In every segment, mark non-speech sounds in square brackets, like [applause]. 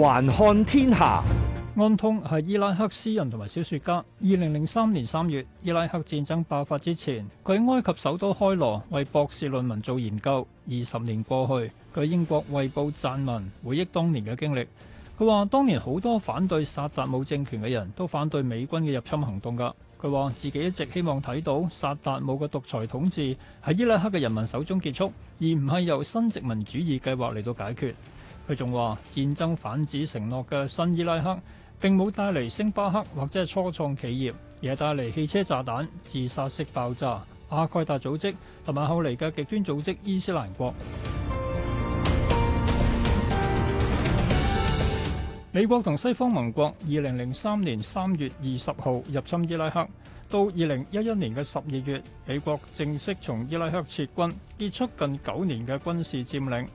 環看天下，安通係伊拉克詩人同埋小說家。二零零三年三月，伊拉克戰爭爆發之前，佢喺埃及首都開羅為博士論文做研究。二十年過去，佢喺英國衛報撰文回憶當年嘅經歷。佢話當年好多反對薩達姆政權嘅人都反對美軍嘅入侵行動㗎。佢話自己一直希望睇到薩達姆嘅獨裁統治喺伊拉克嘅人民手中結束，而唔係由新殖民主義計劃嚟到解決。佢仲話：戰爭反子承諾嘅新伊拉克並冇帶嚟星巴克或者係初創企業，而係帶嚟汽車炸彈、自殺式爆炸、阿蓋達組織同埋後嚟嘅極端組織伊斯蘭國。美國同西方盟國二零零三年三月二十號入侵伊拉克，到二零一一年嘅十二月，美國正式從伊拉克撤軍，結束近九年嘅軍事佔領。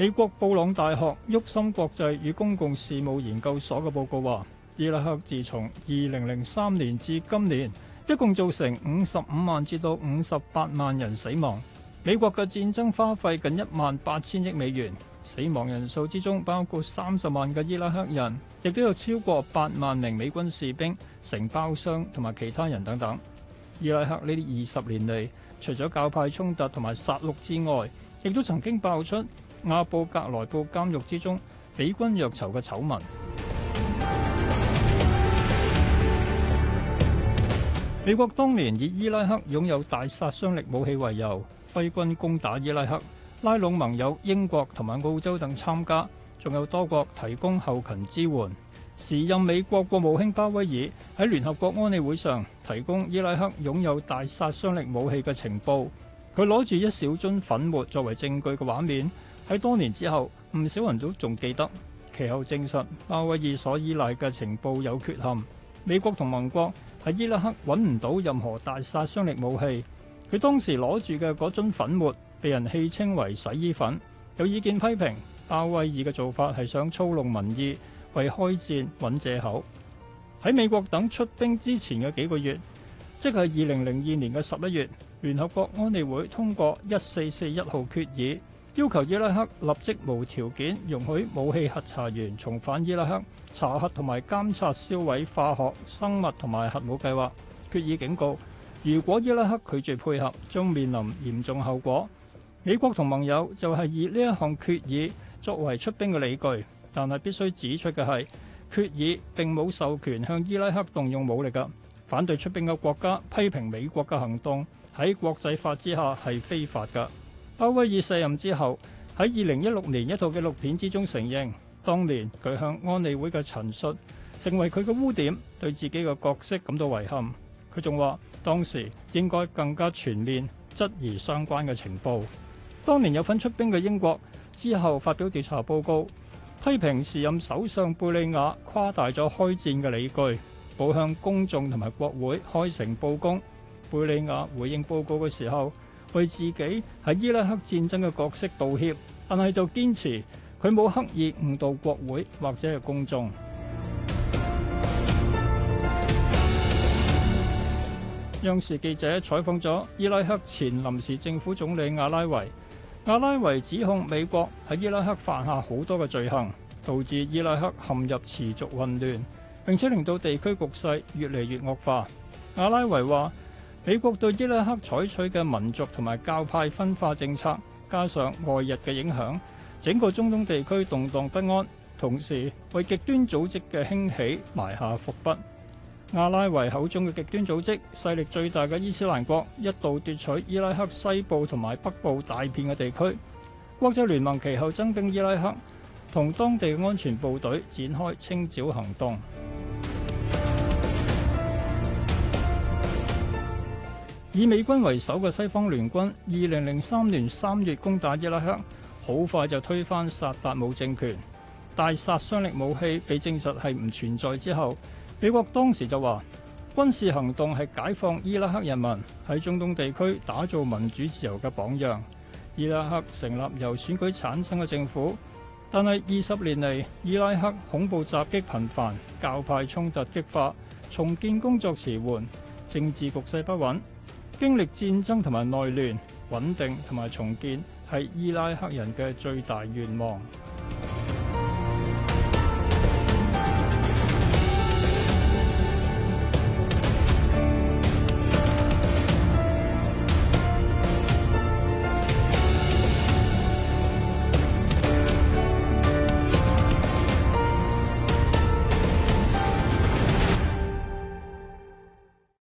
美國布朗大學沃森國際與公共事務研究所嘅報告話，伊拉克自從二零零三年至今年，一共造成五十五萬至到五十八萬人死亡。美國嘅戰爭花費近一萬八千億美元，死亡人數之中包括三十萬嘅伊拉克人，亦都有超過八萬名美軍士兵、承包商同埋其他人等等。伊拉克呢啲二十年嚟，除咗教派衝突同埋殺戮之外，亦都曾經爆出阿布格萊布監獄之中，美軍虐囚嘅醜聞。美國當年以伊拉克擁有大殺傷力武器為由，揮軍攻打伊拉克，拉攏盟友英國同埋澳洲等參加，仲有多國提供後勤支援。時任美國的國務卿鮑威爾喺聯合國安理會上提供伊拉克擁有大殺傷力武器嘅情報，佢攞住一小樽粉末作為證據嘅畫面。喺多年之後，唔少人都仲記得。其後證實，鮑威爾所依賴嘅情報有缺陷。美國同盟國喺伊拉克揾唔到任何大殺傷力武器。佢當時攞住嘅嗰樽粉末，被人戲稱為洗衣粉。有意見批評鮑威爾嘅做法係想操弄民意，為開戰揾借口。喺美國等出兵之前嘅幾個月，即係二零零二年嘅十一月，聯合國安理會通過一四四一號決議。要求伊拉克立即無條件容許武器核查員重返伊拉克，查核、同埋監察銷毀化學、生物同埋核武計劃。決議警告，如果伊拉克拒絕配合，將面臨嚴重後果。美國同盟友就係以呢一項決議作為出兵嘅理據，但係必須指出嘅係，決議並冇授權向伊拉克動用武力噶。反對出兵嘅國家批評美國嘅行動，喺國際法之下係非法噶。鮑威爾卸任之後，喺二零一六年一套紀錄片之中承認，當年佢向安理會嘅陳述成為佢嘅污點，對自己嘅角色感到遺憾。佢仲話當時應該更加全面質疑相關嘅情報。當年有份出兵嘅英國之後發表調查報告，批評時任首相貝利亞誇大咗開戰嘅理據，冇向公眾同埋國會開誠布公。貝利亞回應報告嘅時候，為自己喺伊拉克戰爭嘅角色道歉，但係就堅持佢冇刻意誤導國會或者係公眾。 [music] 央視記者採訪咗伊拉克前臨時政府總理阿拉維，阿拉維指控美國喺伊拉克犯下好多嘅罪行，導致伊拉克陷入持續混亂，並且令到地區局勢越嚟越惡化。阿拉維話。美國對伊拉克採取嘅民族同埋教派分化政策，加上外日嘅影響，整個中東地區動盪不安，同時為極端組織嘅興起埋下伏筆。阿拉維口中嘅極端組織，勢力最大嘅伊斯蘭國一度奪取伊拉克西部同埋北部大片嘅地區。歐洲聯盟其後增兵伊拉克，同當地嘅安全部隊展開清剿行動。以美軍為首嘅西方聯軍，二零零三年三月攻打伊拉克，好快就推翻薩達姆政權。大殺傷力武器被證實係唔存在之後，美國當時就話，軍事行動係解放伊拉克人民，喺中東地區打造民主自由嘅榜樣。伊拉克成立由選舉產生嘅政府，但係二十年嚟，伊拉克恐怖襲擊頻繁，教派衝突激化，重建工作遲緩，政治局勢不穩。經歷戰爭同埋內亂，穩定同埋重建係伊拉克人嘅最大願望。